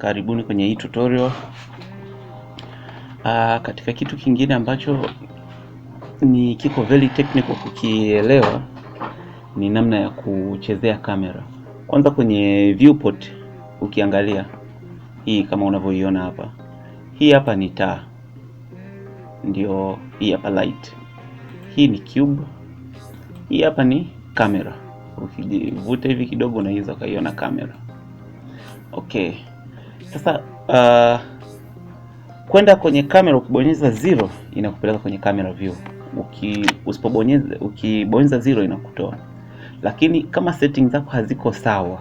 karibuni kwenye hii tutorial. Aa, ah, katika kitu kingine ambacho ni kiko very technical kukielewa ni namna ya kuchezea kamera. Kwanza kwenye viewport, ukiangalia hii kama unavyoiona hapa, hii hapa ni taa, ndio hii hapa light, hii ni cube, hii hapa ni kamera. Ukivuta hivi kidogo, unaweza ukaiona kamera. Okay. Sasa uh, kwenda kwenye kamera ukibonyeza zero inakupeleka kwenye camera view. Uki, usipobonyeza ukibonyeza zero inakutoa, lakini kama setting zako haziko sawa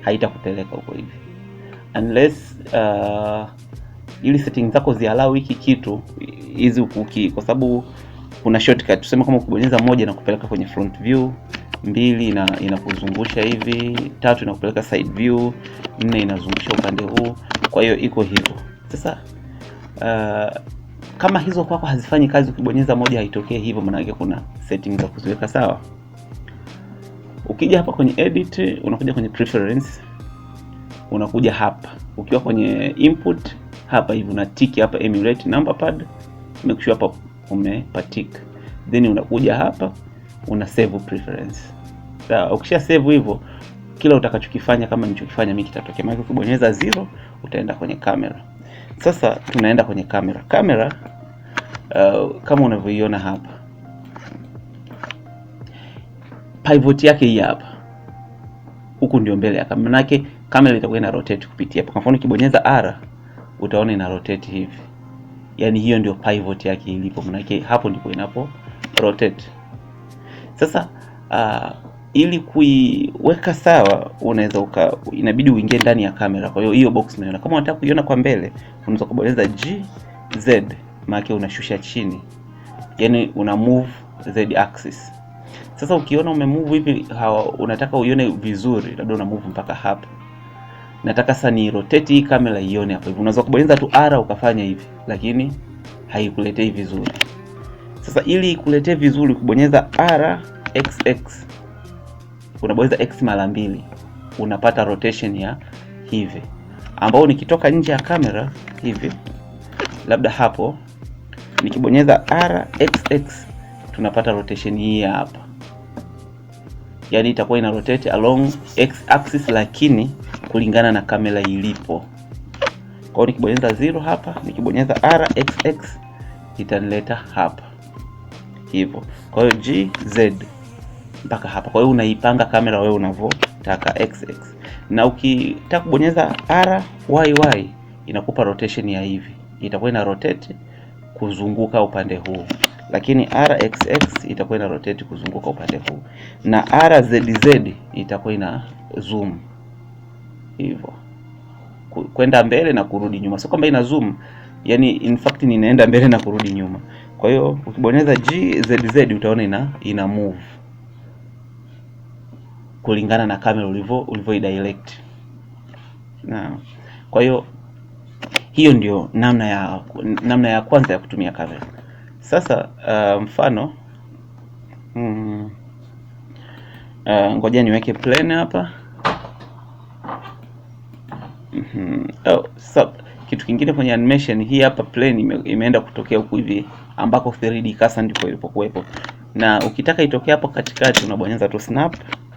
haitakupeleka huko hivi unless uh, ili setting zako zialau hiki kitu hizi, kwa sababu kuna shortcut tuseme, kama ukibonyeza moja na kupeleka kwenye front view mbili ina, inakuzungusha hivi, tatu inakupeleka side view, nne inazungusha upande huu. Kwa hiyo iko hivyo. Sasa uh, kama hizo kwako hazifanyi kazi, ukibonyeza moja haitokee hivyo, maana yake kuna settings za kuziweka sawa. Ukija hapa kwenye edit, unakuja kwenye preference, unakuja hapa, ukiwa kwenye input hapa hivi una tiki hapa emulate number pad, make sure hapa umepatika, then unakuja hapa una save preference. Sawa, ukisha save hivyo kila utakachokifanya kama nilichokifanya mimi kitatokea. Maana ukibonyeza zero utaenda kwenye kamera. Sasa tunaenda kwenye kamera. Kamera uh, kama unavyoiona hapa. Pivot yake hii hapa. Huku ndio mbele ya kamera. Manake kamera itakuwa ina rotate kupitia hapa. Kwa mfano ukibonyeza R utaona ina rotate hivi. Yaani hiyo ndio pivot yake ilipo. Manake hapo ndipo inapo rotate. Sasa uh, ili kuiweka sawa unaweza uka inabidi uingie ndani ya kamera. Kwa hiyo hiyo box unaiona, kama unataka kuiona kwa mbele unaweza kubonyeza G Z, maana unashusha chini, yani una move Z axis. Sasa ukiona ume move hivi, unataka uione vizuri, labda una move mpaka hapa, nataka sasa ni rotate hii kamera ione hapo hivi, unaweza kubonyeza tu R ukafanya hivi, lakini haikuletei vizuri. Sasa ili ikuletee vizuri, kubonyeza R XX unabonyeza x mara mbili unapata rotation ya hivi, ambao nikitoka nje ya kamera hivi, labda hapo nikibonyeza rxx tunapata rotation hii hapa, yaani itakuwa ina rotate along x axis, lakini kulingana na kamera ilipo. Kwa hiyo nikibonyeza 0 hapa, nikibonyeza rxx itanileta hapa hivyo. Kwa hiyo gz mpaka hapa. Kwa hiyo unaipanga kamera wewe unavyotaka xx, na ukitaka kubonyeza r y y inakupa rotation ya hivi, itakuwa ina rotate kuzunguka upande huu, lakini rxx itakuwa ina rotate kuzunguka upande huu, na rzz itakuwa ina zoom hivyo kwenda mbele na kurudi nyuma, sio kwamba ina zoom, yani in fact ninaenda mbele na kurudi nyuma. Kwa hiyo ukibonyeza GZZ utaona ina ina move kulingana na kamera ulivyo ulivyo direct. Na kwa hiyo hiyo ndio namna ya namna ya kwanza ya kutumia kamera. Sasa uh, mfano mm, uh, ngoja niweke plane hapa. Mm -hmm. Oh, sub. Kitu kingine kwenye animation hii hapa plane ime, imeenda kutokea huku hivi ambako 3D cursor ndipo ilipokuwepo, na ukitaka itokea hapo katikati unabonyeza tu snap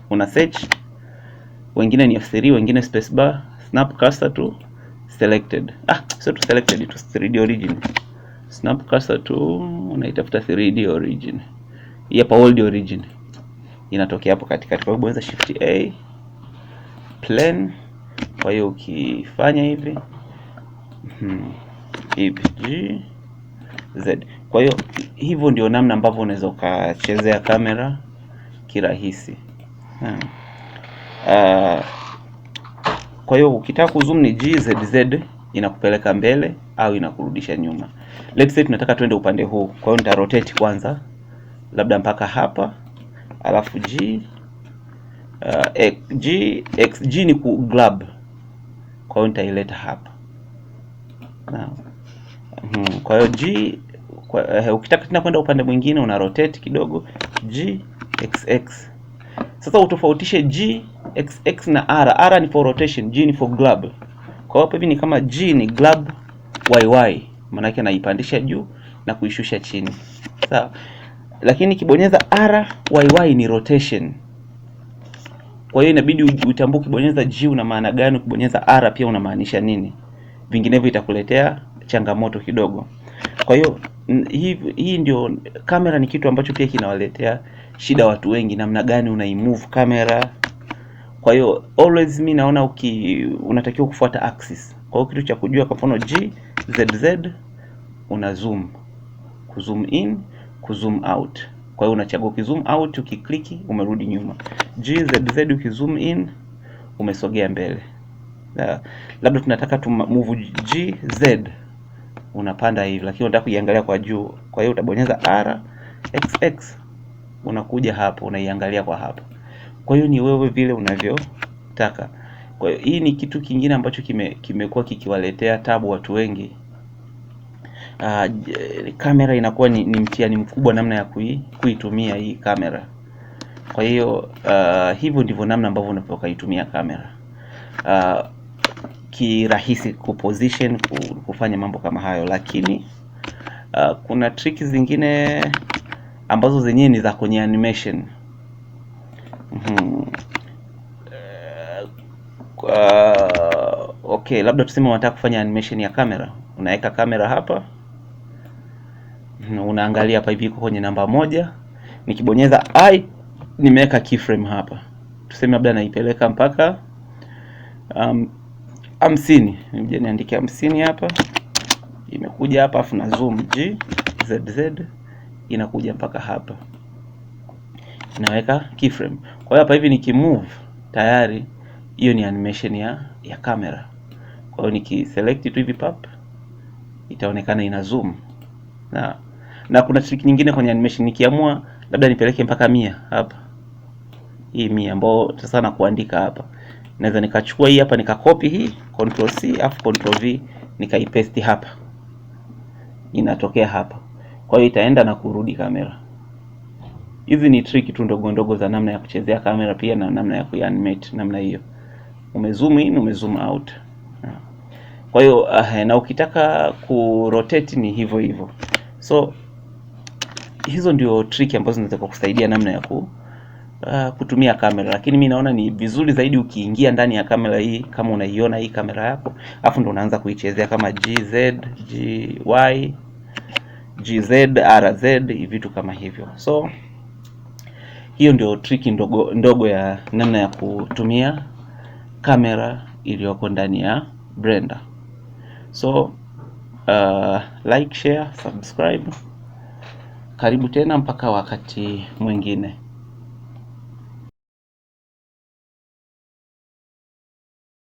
una search, wengine ni F3, wengine space bar, snap cursor to selected. Ah, sio to selected, to 3D origin. Snap cursor to unaitafuta 3D origin. Hii hapa old origin. Inatokea hapo katikati. Kwa hiyo bonyeza shift A plane. Kwa hiyo ukifanya hivi hmm. hivi G Z. Kwa hiyo hivyo ndio namna ambavyo unaweza ukachezea kamera kirahisi. Uh, kwa hiyo ukitaka kuzoom ni GZZ inakupeleka mbele au inakurudisha nyuma. Let's say tunataka twende upande huu, kwa hiyo nita rotate kwanza labda mpaka hapa, alafu G, uh, X, G, X, G ni ku grab, kwa hiyo nitaileta hapa na, hmm, kwa hiyo G kwa, uh, ukitaka tena kwenda upande mwingine una rotate kidogo G, X, X sasa utofautishe G, X, X na R. R ni for rotation, G ni for glab. Kwa hiyo hapo hivi ni kama G ni glab YY, maana yake naipandisha juu na kuishusha chini. Sawa? Lakini kibonyeza R YY ni rotation. Kwa hiyo inabidi utambue kibonyeza G una maana gani, kibonyeza R pia unamaanisha nini. Vinginevyo itakuletea changamoto kidogo. Kwa hiyo hii, hii ndio kamera ni kitu ambacho pia kinawaletea shida watu wengi, namna gani move kamera. Kwa hiyo always mi naona uki unatakiwa kufuata axis. Kwa hiyo kitu cha kujua, kwa mfano G Z Z una zoom, zoom in, zoom out. Kwa hiyo unachagua zoom out, ukikliki umerudi nyuma. G Z Z zoom in umesogea mbele. Uh, labda tunataka tu move G Z unapanda hivi, lakini unataka kuiangalia kwa juu. Kwa hiyo utabonyeza R XX X unakuja hapo unaiangalia kwa hapo Kwa hiyo ni wewe vile unavyotaka. Kwa hiyo hii ni kitu kingine ambacho kimekuwa kikiwaletea tabu watu wengi. Uh, kamera inakuwa ni, ni mtihani mkubwa namna ya kui, kuitumia hii kamera. Kwa hiyo uh, hivyo ndivyo namna ambavyo unapokaitumia kamera uh, kirahisi kuposition, kufanya mambo kama hayo, lakini uh, kuna triki zingine ambazo zenyewe ni za kwenye animation mm-hmm. Uh, okay, labda tuseme unataka kufanya animation ya kamera, unaweka kamera hapa, hmm, unaangalia hapa hivi, iko kwenye namba moja. Nikibonyeza i nimeweka keyframe hapa, tuseme labda naipeleka mpaka um, hamsini. Um, nimeje niandike hamsini hapa, imekuja hapa, afu na zoom g z z inakuja mpaka hapa, inaweka keyframe. Kwa hiyo hapa hivi nikimove, tayari hiyo ni animation ya ya kamera. Kwa hiyo nikiselect tu hivi pap, itaonekana ina zoom na na kuna trick nyingine kwenye animation, nikiamua labda nipeleke mpaka mia hapa, hii mia ambayo sasa na kuandika hapa, naweza nikachukua hii hapa nikakopi hii control c afu control v nikaipaste hapa, inatokea hapa. Kwa hiyo itaenda na kurudi kamera. Hizi ni trick tu ndogo ndogo za namna ya kuchezea kamera pia na namna ya kuanimate namna hiyo. Umezoom in, umezoom out. Kwa hiyo eh, na ukitaka kurotate ni hivyo hivyo. So hizo ndio trick ambazo zinaweza kukusaidia namna ya ku Uh, kutumia kamera lakini mi naona ni vizuri zaidi ukiingia ndani ya kamera hii, kama unaiona hii kamera yako, afu ndo unaanza kuichezea kama GZ, GY GZ, RZ, vitu kama hivyo. So hiyo ndio triki ndogo ndogo ya namna ya kutumia kamera iliyoko ndani ya Blender. So uh, like, share, subscribe. Karibu tena mpaka wakati mwingine.